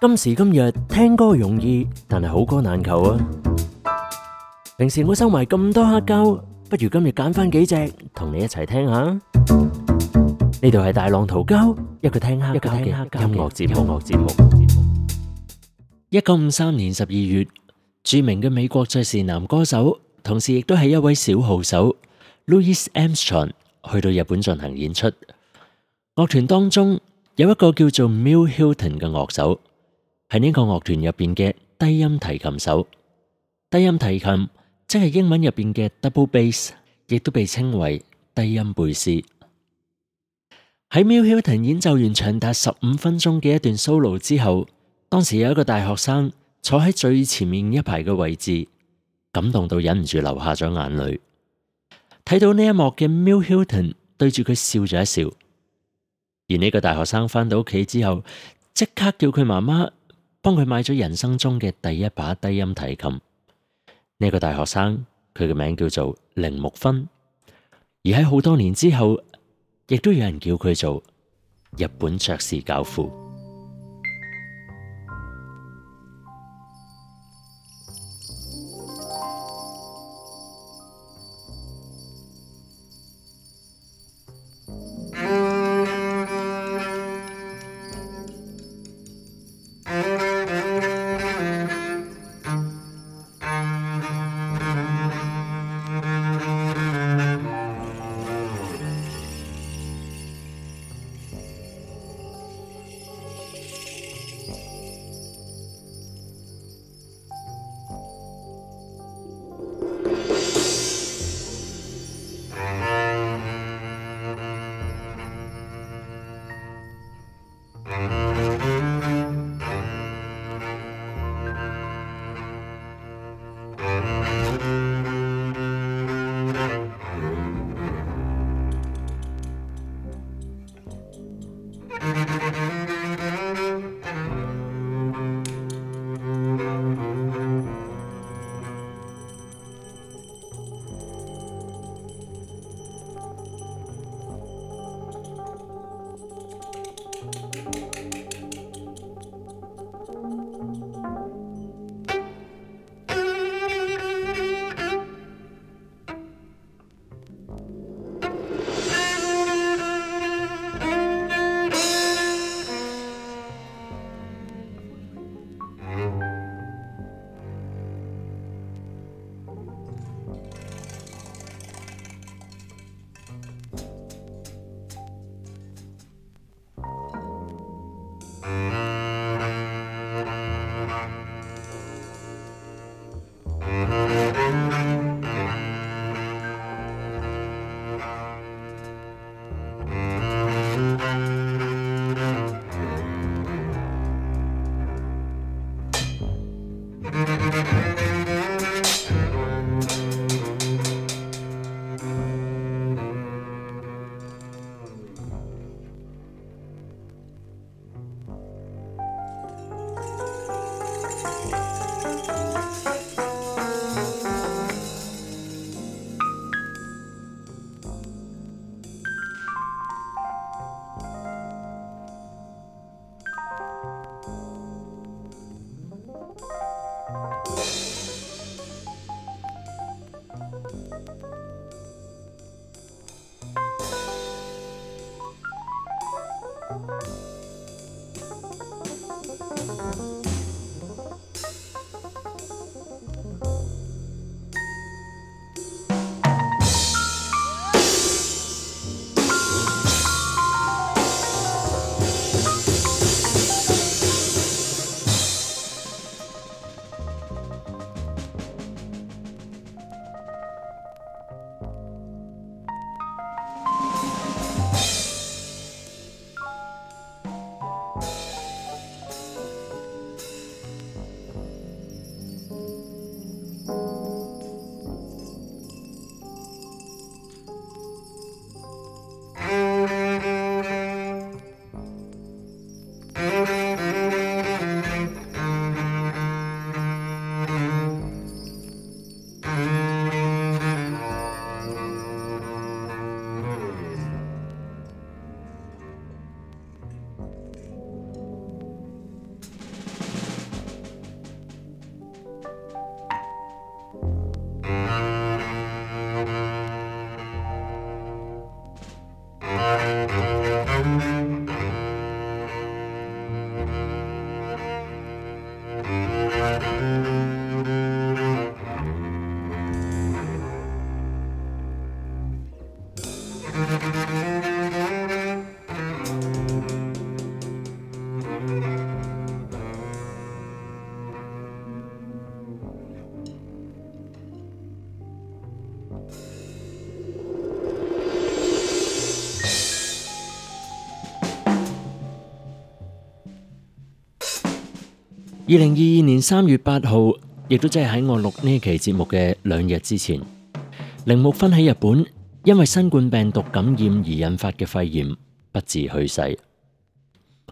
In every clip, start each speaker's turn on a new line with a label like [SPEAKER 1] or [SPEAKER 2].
[SPEAKER 1] 今時今日聽歌容易，但係好歌難求啊！平時我收埋咁多黑膠，不如今日揀翻幾隻同你一齊聽下。呢度係大浪淘膠，一個聽黑膠嘅音樂節目。音樂節目。一九五三年十二月，著名嘅美國爵士男歌手，同時亦都係一位小號手 Louis Armstrong，去到日本進行演出。樂團當中有一個叫做 Milt Hilton 嘅樂手。係呢個樂團入邊嘅低音提琴手，低音提琴即係英文入邊嘅 double bass，亦都被稱為低音貝斯。喺 Milt Hilton 演奏完長達十五分鐘嘅一段 solo 之後，當時有一個大學生坐喺最前面一排嘅位置，感動到忍唔住流下咗眼淚。睇到呢一幕嘅 Milt Hilton 對住佢笑咗一笑，而呢個大學生翻到屋企之後，即刻叫佢媽媽。幫佢買咗人生中嘅第一把低音提琴。呢、這個大學生，佢嘅名叫做鈴木勳。而喺好多年之後，亦都有人叫佢做日本爵士教父。二零二二年三月八號，亦都即係喺我錄呢期節目嘅兩日之前，鈴木勳喺日本，因為新冠病毒感染而引發嘅肺炎不治去世。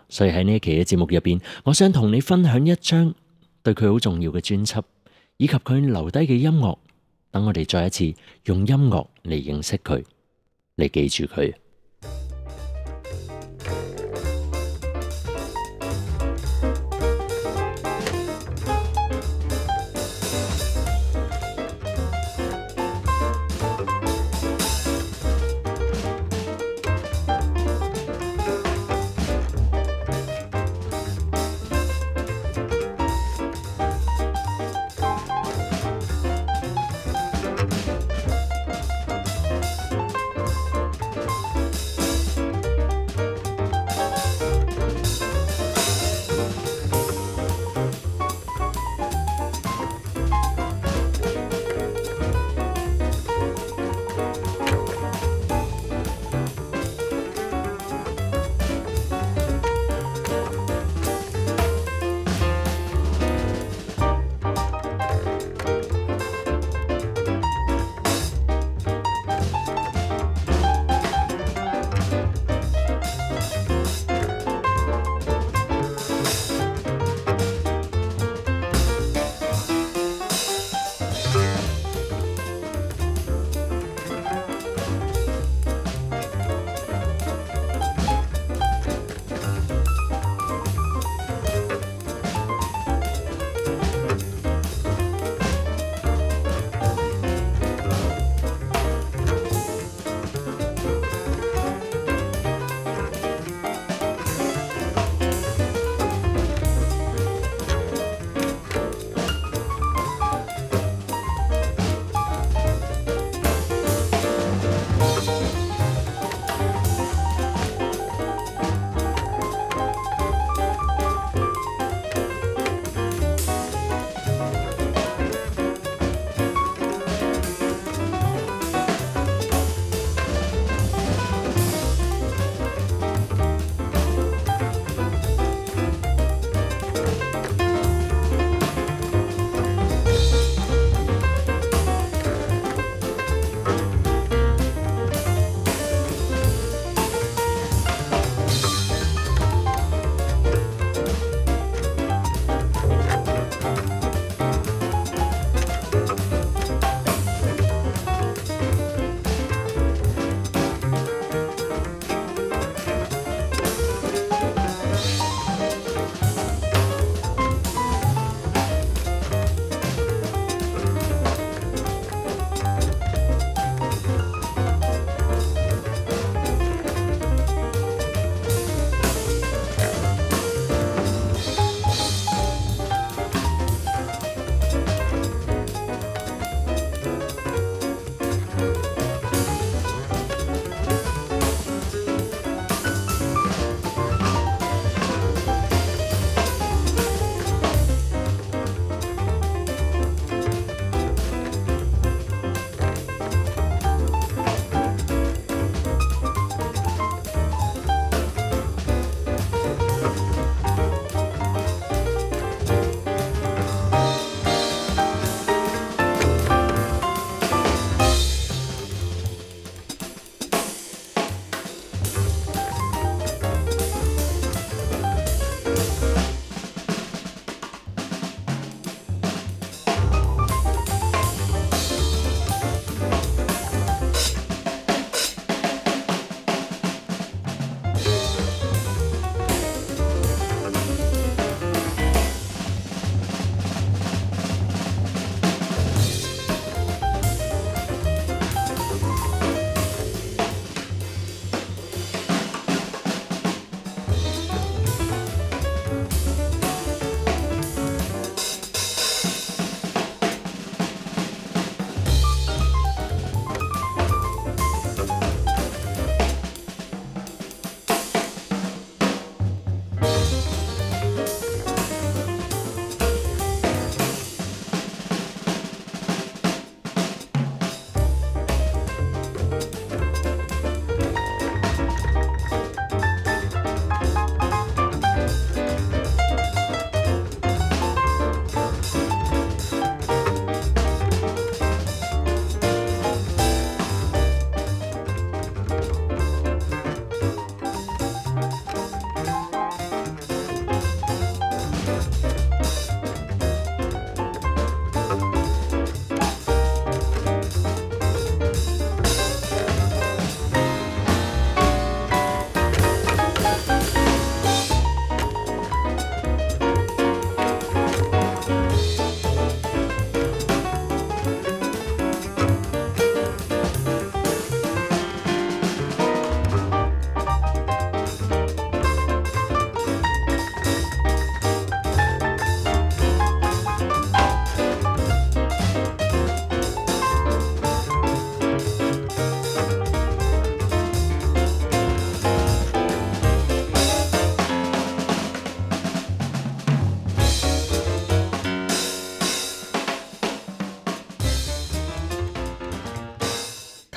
[SPEAKER 1] 所以喺呢一期嘅節目入邊，我想同你分享一張對佢好重要嘅專輯，以及佢留低嘅音樂，等我哋再一次用音樂嚟認識佢，嚟記住佢。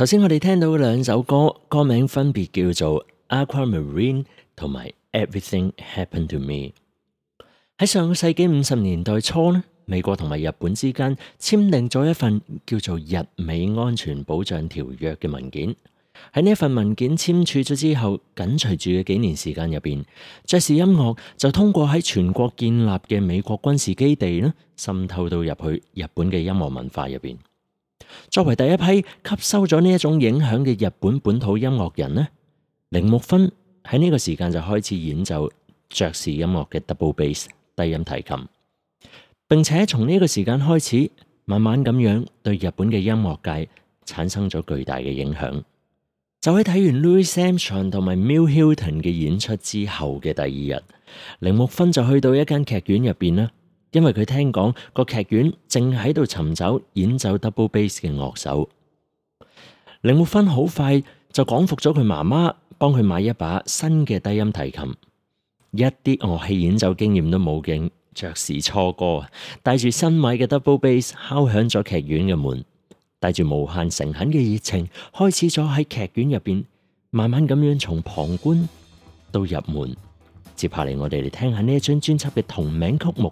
[SPEAKER 1] 首先，我哋聽到兩首歌，歌名分別叫做《Aquamarine》同埋《Everything Happened to Me》。喺上個世紀五十年代初咧，美國同埋日本之間簽訂咗一份叫做《日美安全保障條約》嘅文件。喺呢份文件簽署咗之後，緊隨住嘅幾年時間入邊，爵士音樂就通過喺全國建立嘅美國軍事基地咧，滲透到入去日本嘅音樂文化入邊。作為第一批吸收咗呢一種影響嘅日本本土音樂人呢，鈴木勳喺呢個時間就開始演奏爵士音樂嘅 double bass 低音提琴，並且從呢個時間開始，慢慢咁樣對日本嘅音樂界產生咗巨大嘅影響。就喺睇完 Louis Armstrong 同埋 Milt Hilton 嘅演出之後嘅第二日，鈴木勳就去到一間劇院入邊啦。因為佢聽講、那個劇院正喺度尋找演奏 double bass 嘅樂手，鈴木勳好快就說服咗佢媽媽幫佢買一把新嘅低音提琴，一啲樂器演奏經驗都冇嘅，爵士初哥，帶住新買嘅 double bass 敲響咗劇院嘅門，帶住無限誠懇嘅熱情，開始咗喺劇院入邊慢慢咁樣從旁觀到入門。接下嚟我哋嚟聽下呢一張專輯嘅同名曲目。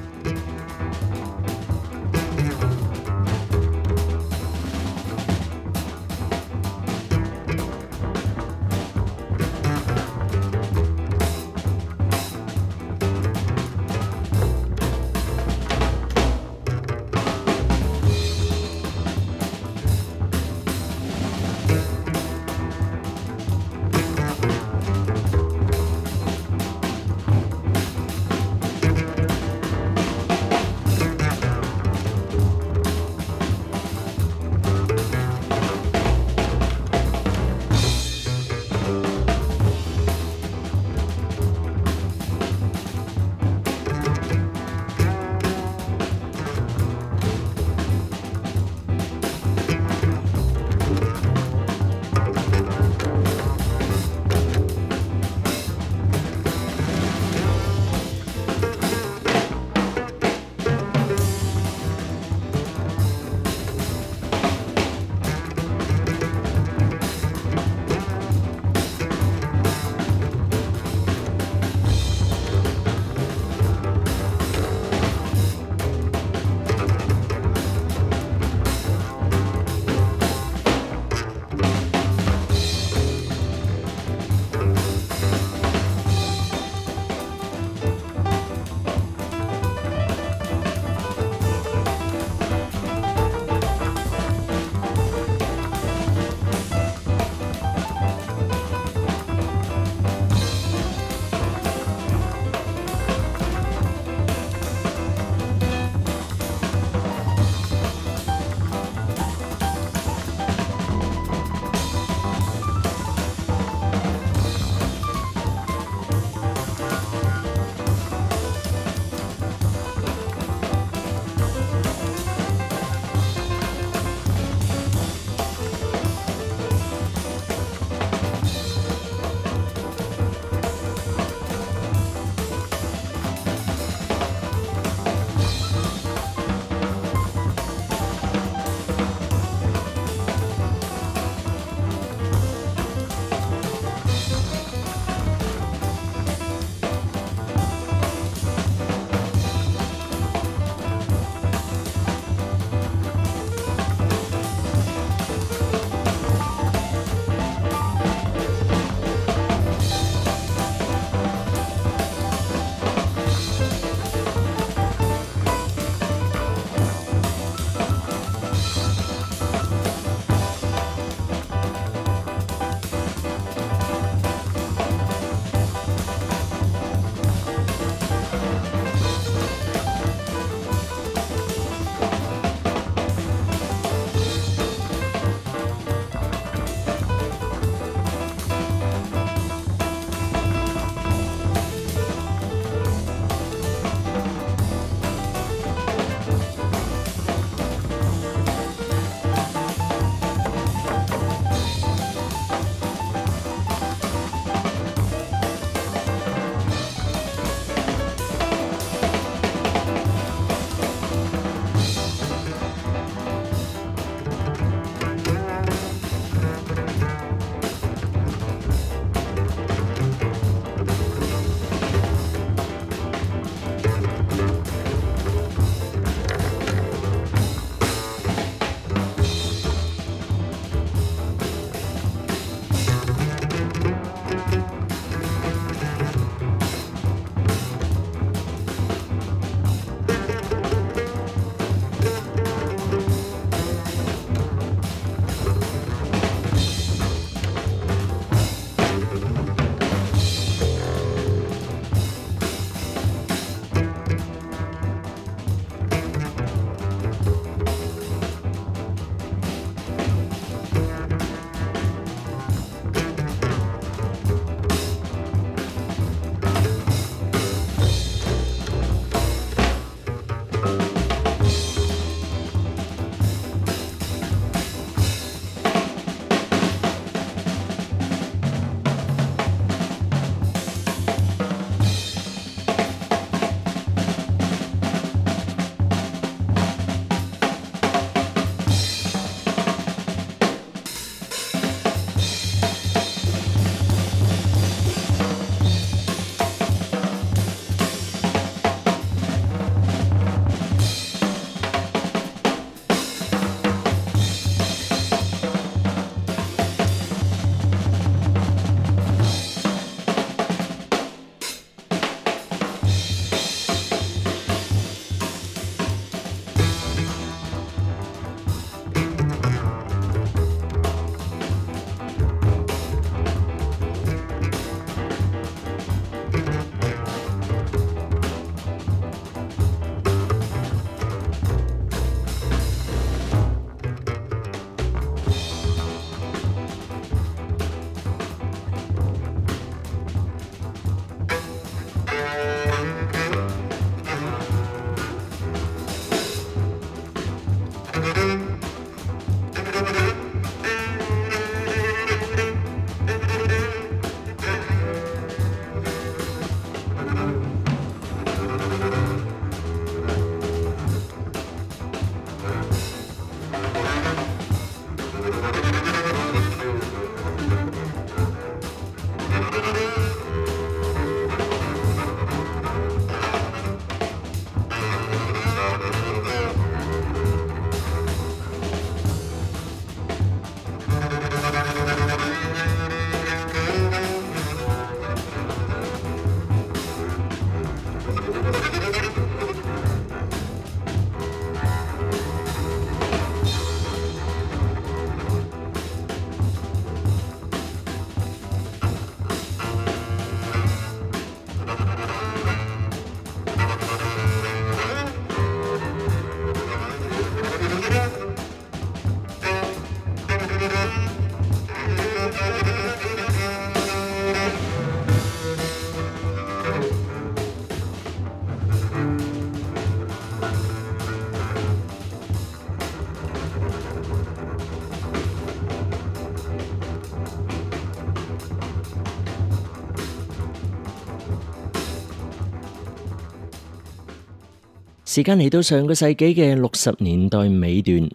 [SPEAKER 1] 時間嚟到上個世紀嘅六十年代尾段，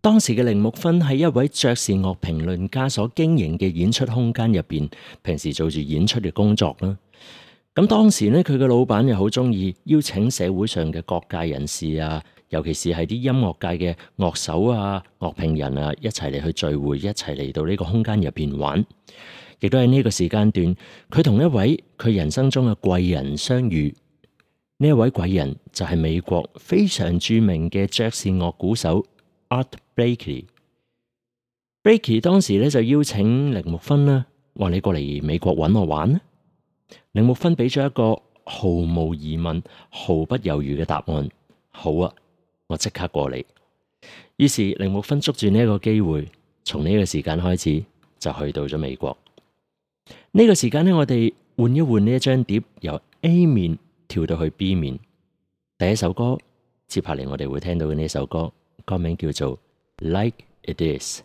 [SPEAKER 1] 當時嘅鈴木勳喺一位爵士樂評論家所經營嘅演出空間入邊，平時做住演出嘅工作啦。咁當時呢，佢嘅老闆又好鍾意邀請社會上嘅各界人士啊，尤其是係啲音樂界嘅樂手啊、樂評人啊，一齊嚟去聚會，一齊嚟到呢個空間入邊玩。亦都喺呢個時間段，佢同一位佢人生中嘅貴人相遇。呢位貴人就係美國非常著名嘅爵士樂鼓手 Art Blakey。Blakey 當時咧就邀請鈴木勳啦，話你過嚟美國揾我玩。鈴木勳俾咗一個毫無疑問、毫不猶豫嘅答案，好啊，我即刻過嚟。於是鈴木勳捉住呢一個機會，從呢個時間開始就去到咗美國。呢、這個時間咧，我哋換一換呢一張碟，由 A 面。跳到去 B 面第一首歌，接下嚟我哋會聽到嘅呢首歌，歌名叫做《Like It Is》。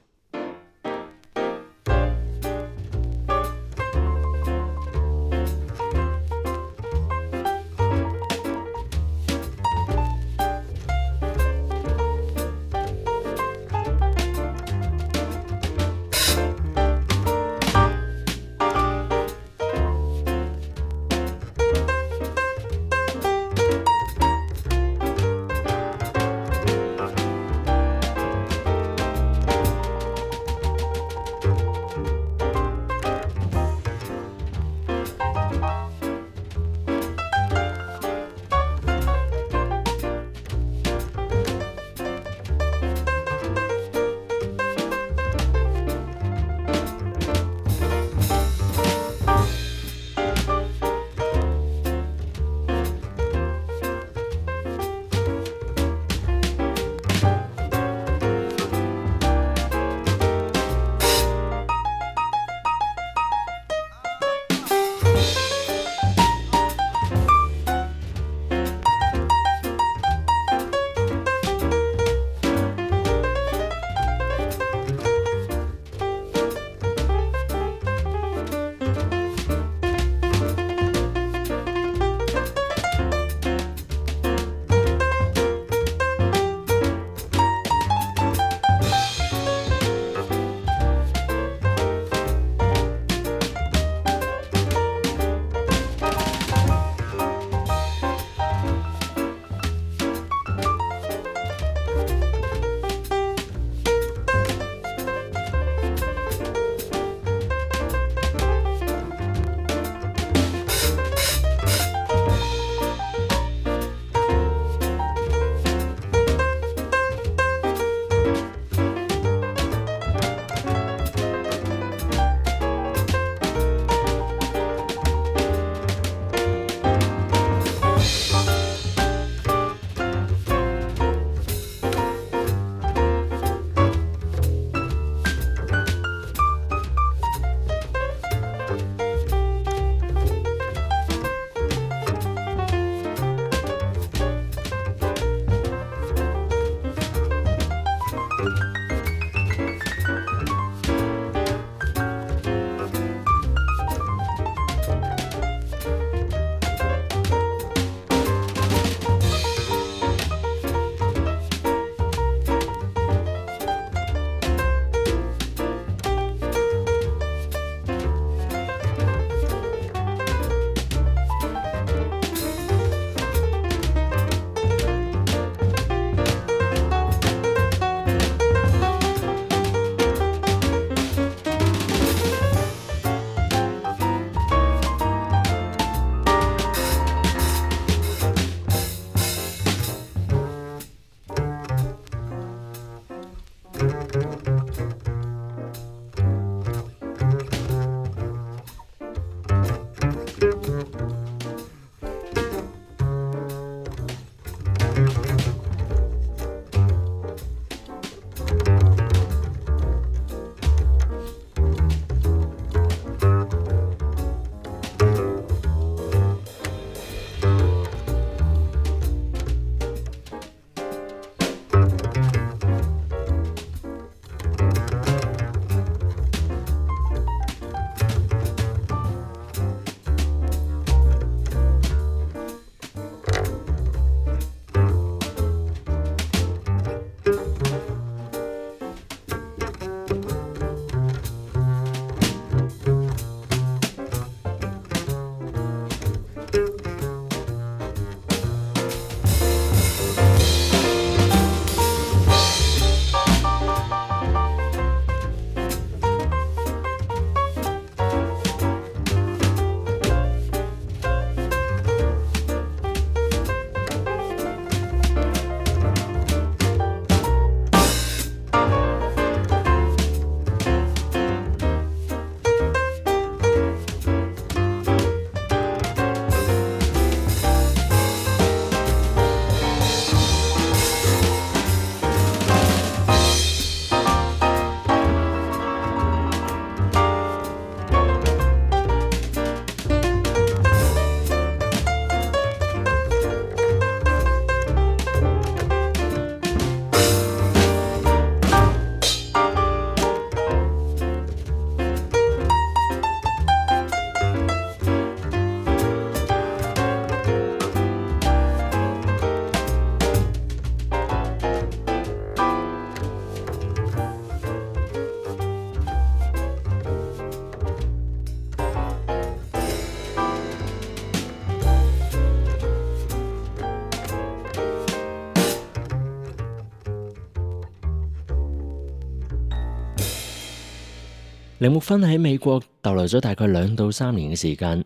[SPEAKER 1] 鈴木勳喺美國逗留咗大概兩到三年嘅時間，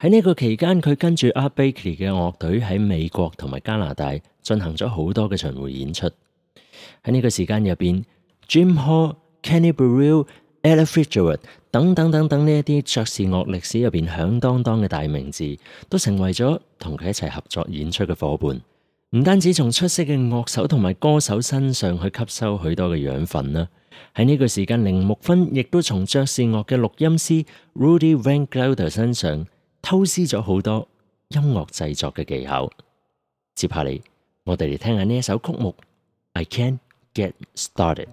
[SPEAKER 1] 喺呢個期間，佢跟住 Art Blakey 嘅樂隊喺美國同埋加拿大進行咗好多嘅巡迴演出。喺呢個時間入邊，Jim Hall、Kenny Burrell、Ella Fitzgerald 等等等等呢一啲爵士樂歷史入邊響當當嘅大名字，都成為咗同佢一齊合作演出嘅伙伴。唔單止從出色嘅樂手同埋歌手身上去吸收許多嘅養分啦，喺呢個時間，鈴木勳亦都從爵士樂嘅錄音師 Rudy Van Gelder 身上偷師咗好多音樂製作嘅技巧。接下嚟，我哋嚟聽下呢首曲目《I Can't Get Started》。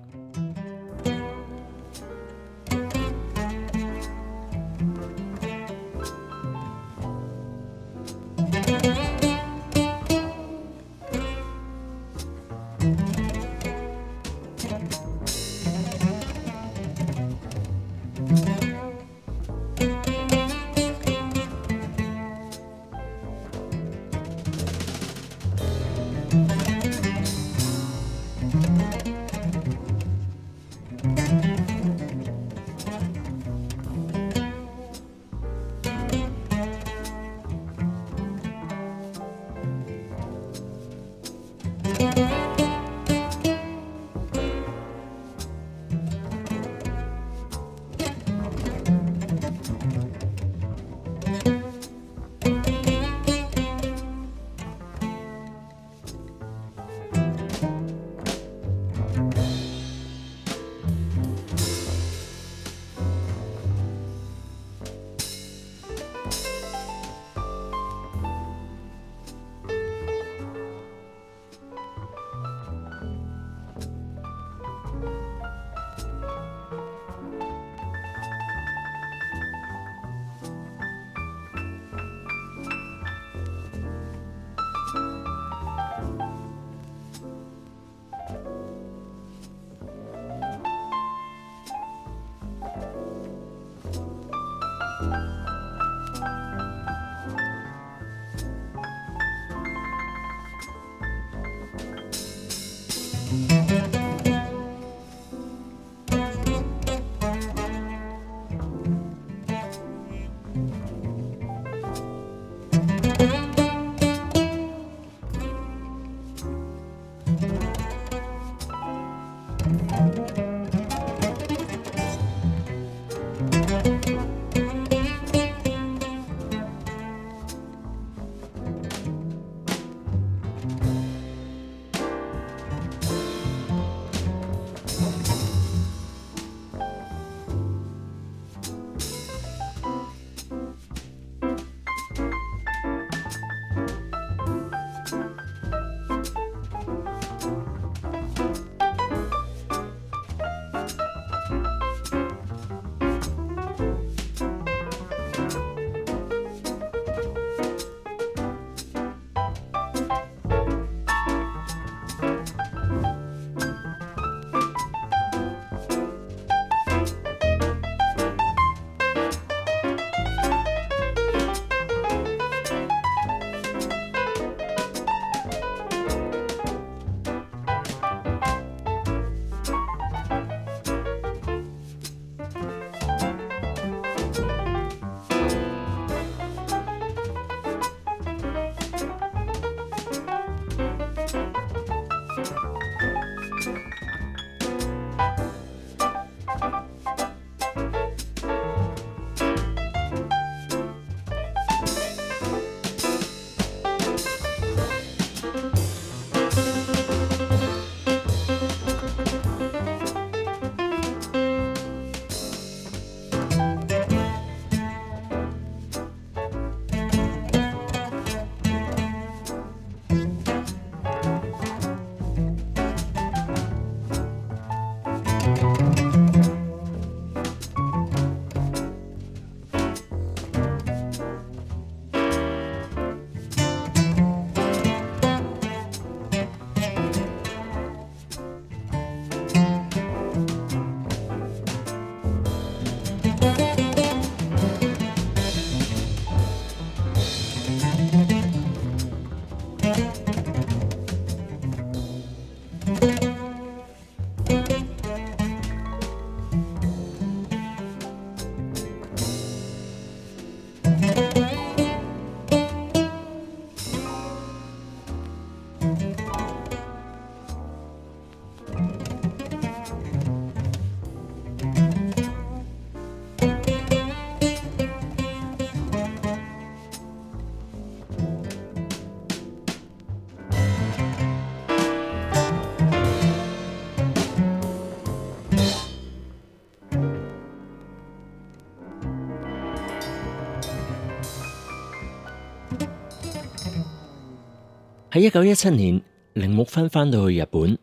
[SPEAKER 1] 喺一九一七年，鈴木勳返到去日本，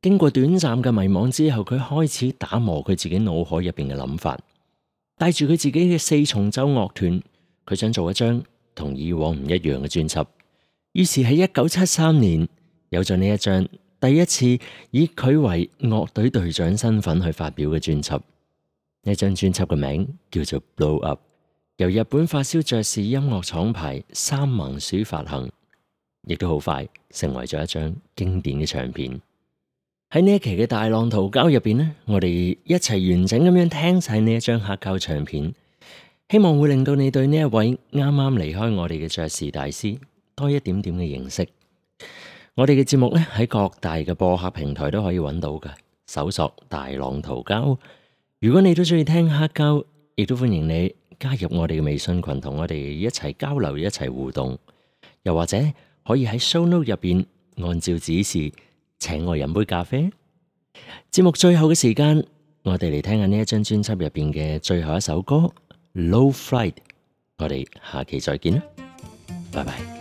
[SPEAKER 1] 經過短暫嘅迷惘之後，佢開始打磨佢自己腦海入邊嘅諗法。帶住佢自己嘅四重奏樂團，佢想做一張同以往唔一樣嘅專輯。於是喺一九七三年，有咗呢一張第一次以佢為樂隊隊長身份去發表嘅專輯。呢張專輯嘅名叫做《Blow Up》，由日本發燒爵士音樂廠牌三盲鼠發行。亦都好快成為咗一張經典嘅唱片。喺呢一期嘅大浪淘膠入邊呢，我哋一齊完整咁樣聽晒呢一張黑膠唱片，希望會令到你對呢一位啱啱離開我哋嘅爵士大師多一點點嘅認識。我哋嘅節目呢，喺各大嘅播客平台都可以揾到嘅，搜索大浪淘膠。如果你都鍾意聽黑膠，亦都歡迎你加入我哋嘅微信群，同我哋一齊交流、一齊互動，又或者。可以喺 ShowNote 入面，按照指示，請我飲杯咖啡。節目最後嘅時間，我哋嚟聽下呢一張專輯入面嘅最後一首歌《Low Flight》。我哋下期再見啦，拜拜。